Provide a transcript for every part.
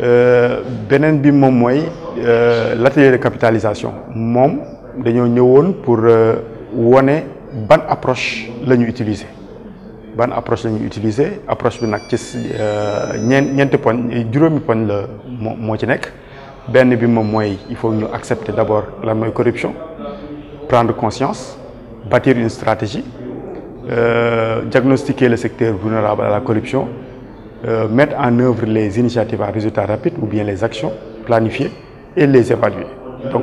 Euh, benen bi euh, l'atelier de capitalisation mom dañu ñëwone pour euh, woné ban approche lañu utiliser ban approche lañu utiliser approche bi nak ci ñeen ñeenti poñ juróomi le la ci il faut ñu accepter d'abord la corruption prendre conscience bâtir une stratégie diagnostiquer le secteur vulnérable à la corruption euh, mettre en œuvre les initiatives à résultat rapide ou bien les actions planifiées et les évaluer. Donc,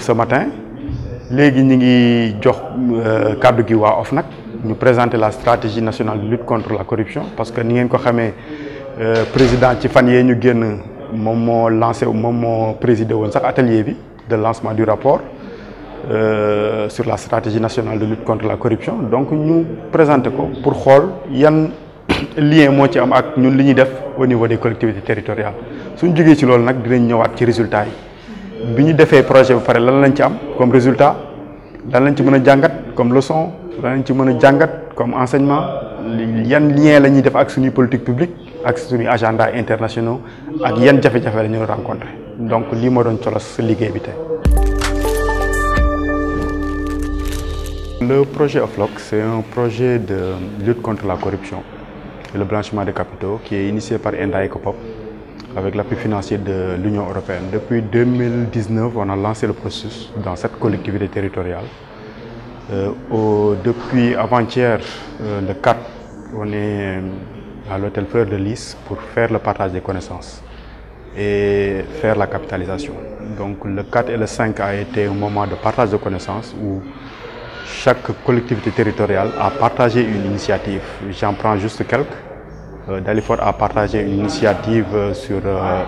ce matin nous ñi ngi cadre qui wa nous présenter la stratégie nationale de lutte contre la corruption parce que ni avons ko le euh, président Tiffany fan lancé le président présider de lancement du rapport euh, sur la stratégie nationale de lutte contre la corruption donc nous présenter ko pour y a lien mo ci am ak ñun li ñuy def au niveau des collectivités territoriales suñu jógee ci lool nak dinañ ñëwaat ci résultat yi bi ñu projet bu paré lan lañ ci am comme résultat lan lañ ci mëna jàngat comme leçon lan lañ ci mëna jàngat comme enseignement yan lien la ñuy def ak suñu politique publique ak suñu agenda internationaux ak yan jafé-jafé la ñu rencontré donc lii moo doon colos liggéey bi tey. Le projet OFLOC, c'est un projet de lutte contre la corruption le blanchiment de capitaux qui est initié par Enda Ecopop avec l'appui financier de l'Union européenne. Depuis 2019, on a lancé le processus dans cette collectivité territoriale. Euh, depuis avant-hier, euh, le 4, on est euh, à l'hôtel Fleur de Lys pour faire le partage des connaissances et faire la capitalisation. Donc le 4 et le 5 a été un moment de partage de connaissances où chaque collectivité territoriale a partagé une initiative. J'en prends juste quelques. Euh, Dalifort a partagé une initiative euh, sur euh,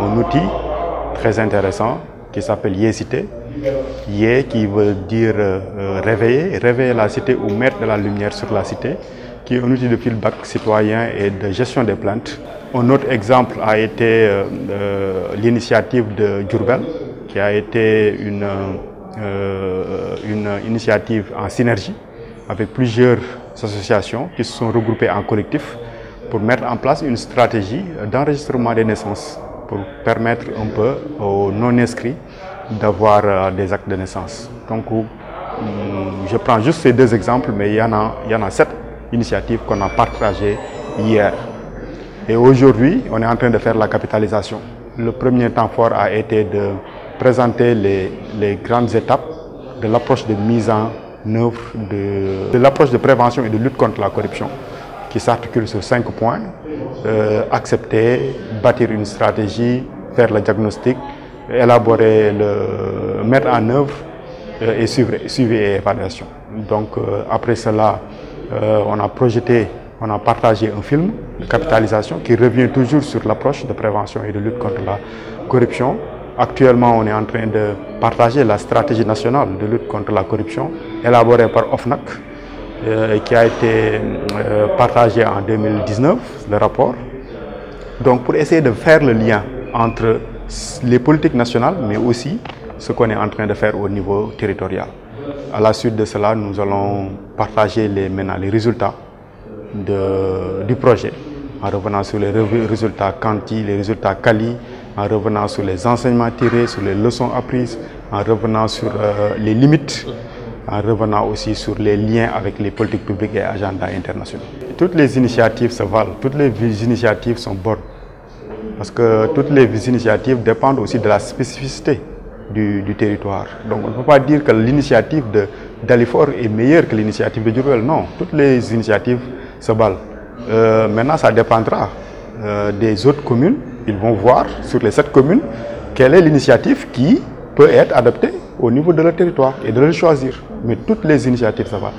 un, outil très intéressant qui s'appelle Yécité. Yé qui veut dire réveiller, réveiller la cité ou mettre de la lumière sur la cité, qui est un outil de feedback citoyen et de gestion des plantes. Un autre exemple a été l'initiative de Durbel, qui a été une, une initiative en synergie avec plusieurs associations qui se sont regroupées en collectif pour mettre en place une stratégie euh, d'enregistrement des naissances pour permettre un peu aux non-inscrits d'avoir euh, des actes de naissance. Donc, euh, mm, je prends juste ces deux exemples, mais il y en a, sept initiatives qu'on a partagées hier. Et aujourd'hui, on est en train de faire la capitalisation. Le premier temps fort a été de présenter les, grandes étapes de l'approche de mise en œuvre, de l'approche de prévention et de lutte contre la corruption qui s'articule sur cinq points. Euh, accepter, bâtir une stratégie, faire le diagnostic, élaborer, le, mettre en œuvre euh, et suivre, suivre, et évaluation. Donc euh, après cela, on a projeté, on a partagé un film de capitalisation qui revient toujours sur l'approche de prévention et de lutte contre la corruption. Actuellement, on est en train de partager la stratégie nationale de lutte contre la corruption élaborée par OFNAC, euh, qui a été euh, partagé en 2019, le rapport. Donc pour essayer de faire le lien entre les politiques nationales, mais aussi ce qu'on est en train de faire au niveau territorial. À la suite de cela, nous allons partager les, maintenant les résultats du projet, en revenant sur les résultats quanti, les résultats quali, en revenant sur les enseignements tirés, sur les leçons apprises, en revenant sur euh, les limites en revenant aussi sur les liens avec les politiques publiques et agendas internationaux. Toutes les initiatives se valent, toutes les initiatives sont bonnes, parce que toutes les initiatives dépendent aussi de la spécificité du, territoire. Donc on ne peut pas dire que l'initiative d'Alifor est meilleure que l'initiative de Duruel, non. Toutes les initiatives se valent. Euh, maintenant, ça dépendra euh, des autres communes. Ils vont voir sur les sept communes quelle est l'initiative qui peut être adapté au niveau de leur territoire et de le choisir. Mais toutes les initiatives, ça va.